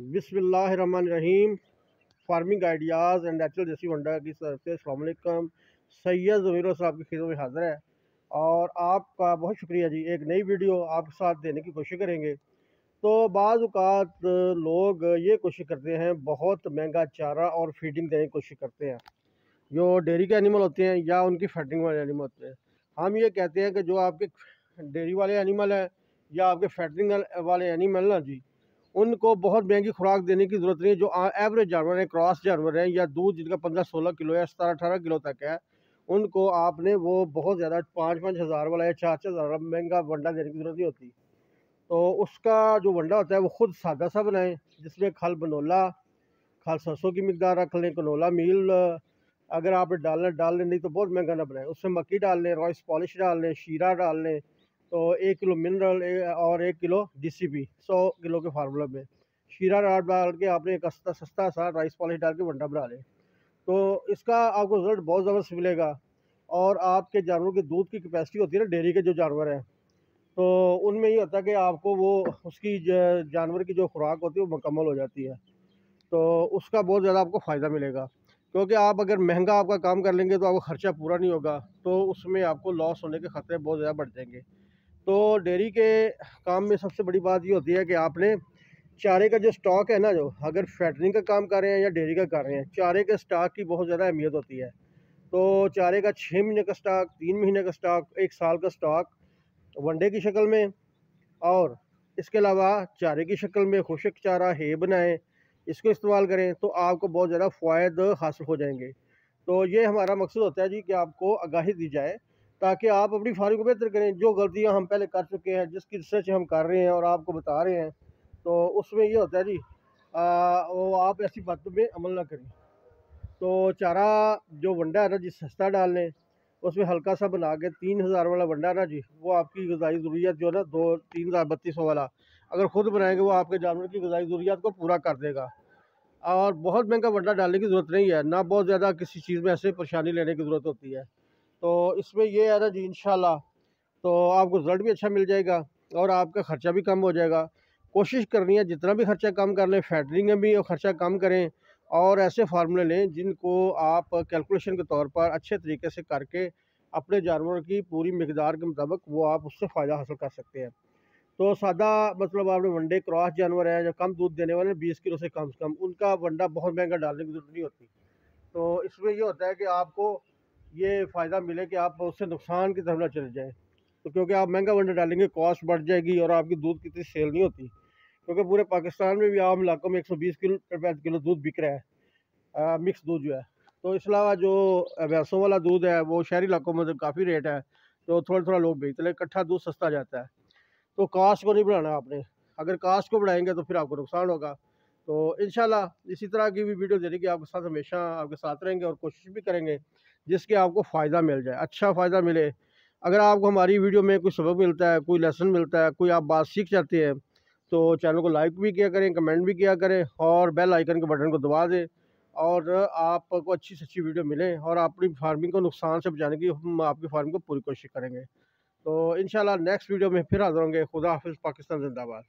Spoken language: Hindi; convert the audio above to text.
बिसमीम फार्मिंग आइडियाज़ एंड नेचुरल जैसी वंडा की तरफ से अलैक्म सैयद ज़मीर साहब की खिदों में हाज़िर है और आपका बहुत शुक्रिया जी एक नई वीडियो आपके साथ देने की कोशिश करेंगे तो बाज़ात लोग ये कोशिश करते हैं बहुत महंगा चारा और फीडिंग देने की कोशिश करते हैं जो डेयरी के एनिमल होते हैं या उनकी फैटिंग वाले एनिमल होते हैं हम ये कहते हैं कि जो आपके डेयरी वाले एनिमल हैं या आपके फैटिंग वाले एनिमल ना जी उनको बहुत महंगी खुराक देने की ज़रूरत नहीं है जो एवरेज जानवर हैं क्रॉस जानवर हैं या दूध जिनका पंद्रह सोलह किलो या सतारह अठारह किलो तक है उनको आपने वो बहुत ज़्यादा पाँच पाँच हज़ार वाला या चार चार हज़ार महंगा वंडा देने की ज़रूरत नहीं होती तो उसका जो वंडा होता है वो ख़ुद सादा सा बनाएं जिसमें खल बनोला खल सरसों की मकदार रख लें कनोला मील अगर आप डालना डाल लें नहीं तो बहुत महंगा ना बनाएं उसमें मक्की डाल लें रॉइस पॉलिश डाल लें शीरा डाल लें तो एक किलो मिनरल और एक किलो डीसीपी 100 किलो के फार्मूला में शीरा राट डाल के आपने एक सस्ता सस्ता सा राइस पॉलिश डाल के वंडा बना लें तो इसका आपको रिजल्ट बहुत ज़बरदस्त मिलेगा और आपके जानवरों के दूध की कैपेसिटी होती है ना डेयरी के जो जानवर हैं तो उनमें ये होता है कि आपको वो उसकी जानवर की जो खुराक होती है वो मुकम्मल हो जाती है तो उसका बहुत ज़्यादा आपको फ़ायदा मिलेगा क्योंकि आप अगर महंगा आपका काम कर लेंगे तो आपका ख़र्चा पूरा नहीं होगा तो उसमें आपको लॉस होने के ख़तरे बहुत ज़्यादा बढ़ जाएंगे तो डेयरी के काम में सबसे बड़ी बात ये होती है कि आपने चारे का जो स्टॉक है ना जो अगर फैटनिंग का काम कर रहे हैं या डेयरी का कर रहे हैं चारे के स्टॉक की बहुत ज़्यादा अहमियत होती है तो चारे का छः महीने का स्टॉक तीन महीने का स्टॉक एक साल का स्टॉक वनडे की शक्ल में और इसके अलावा चारे की शक्ल में खुशक चारा हे बनाएं इसको इस्तेमाल करें तो आपको बहुत ज़्यादा फ़ायद हासिल हो जाएंगे तो ये हमारा मकसद होता है जी कि आपको आगाही दी जाए ताकि आप अपनी फार्मिंग को बेहतर करें जो गलतियां हम पहले कर चुके हैं जिसकी रिसर्च हम कर रहे हैं और आपको बता रहे हैं तो उसमें ये होता है जी वो आप ऐसी बातों में अमल ना करें तो चारा जो वंडा है ना जी सस्ता डाल लें उसमें हल्का सा बना के तीन हज़ार वाला वंडा ना जी वो आपकी गजाई ज़रूरियात जो है ना दो तीन हज़ार बत्तीस सौ वाला अगर ख़ुद बनाएंगे वो आपके जानवर की गजाई ज़रूरियात को पूरा कर देगा और बहुत महंगा वंडा डालने की ज़रूरत नहीं है ना बहुत ज़्यादा किसी चीज़ में ऐसे परेशानी लेने की ज़रूरत होती है तो इसमें यह है ना जी इन तो आपको रिज़ल्ट भी अच्छा मिल जाएगा और आपका ख़र्चा भी कम हो जाएगा कोशिश करनी है जितना भी ख़र्चा कम कर लें फैटरिंग में भी और ख़र्चा कम करें और ऐसे फार्मूले लें जिनको आप कैलकुलेशन के तौर पर अच्छे तरीके से करके अपने जानवरों की पूरी मकदार के मुताबिक वो आप उससे फ़ायदा हासिल कर सकते हैं तो सादा मतलब आपने वनडे क्रॉस जानवर हैं जो कम दूध देने वाले बीस किलो से कम से कम उनका वंडा बहुत महंगा डालने की ज़रूरत नहीं होती तो इसमें यह होता है कि आपको ये फ़ायदा मिले कि आप उससे नुकसान की तरफ ना चले जाएँ तो क्योंकि आप महंगा वंडा डालेंगे कॉस्ट बढ़ जाएगी और आपकी दूध की सेल नहीं होती क्योंकि पूरे पाकिस्तान में भी आम इलाकों में 120 किलो पैंतीस किलो दूध बिक रहा है आ, मिक्स दूध जो है तो इस अलावा जो भैंसों वाला दूध है वो शहरी इलाकों में तो काफ़ी रेट है तो थोड़ा थोड़ा लोग बेचते हैं इकट्ठा दूध सस्ता जाता है तो कास्ट को नहीं बढ़ाना आपने अगर कास्ट को बढ़ाएंगे तो फिर आपको नुकसान होगा तो इन इसी तरह की भी वीडियो देने की आपके साथ हमेशा आपके साथ रहेंगे और कोशिश भी करेंगे जिसके आपको फ़ायदा मिल जाए अच्छा फ़ायदा मिले अगर आपको हमारी वीडियो में कोई सबक मिलता है कोई लेसन मिलता है कोई आप बात सीख जाते हैं तो चैनल को लाइक भी किया करें कमेंट भी किया करें और बेल आइकन के बटन को दबा दें और आपको अच्छी से अच्छी वीडियो मिले और अपनी फार्मिंग को नुकसान से बचाने की हम आपकी फार्मिंग को पूरी कोशिश करेंगे तो इन नेक्स्ट वीडियो में फिर हाजिर होंगे खुदा हाफिज़ पाकिस्तान जिंदाबाद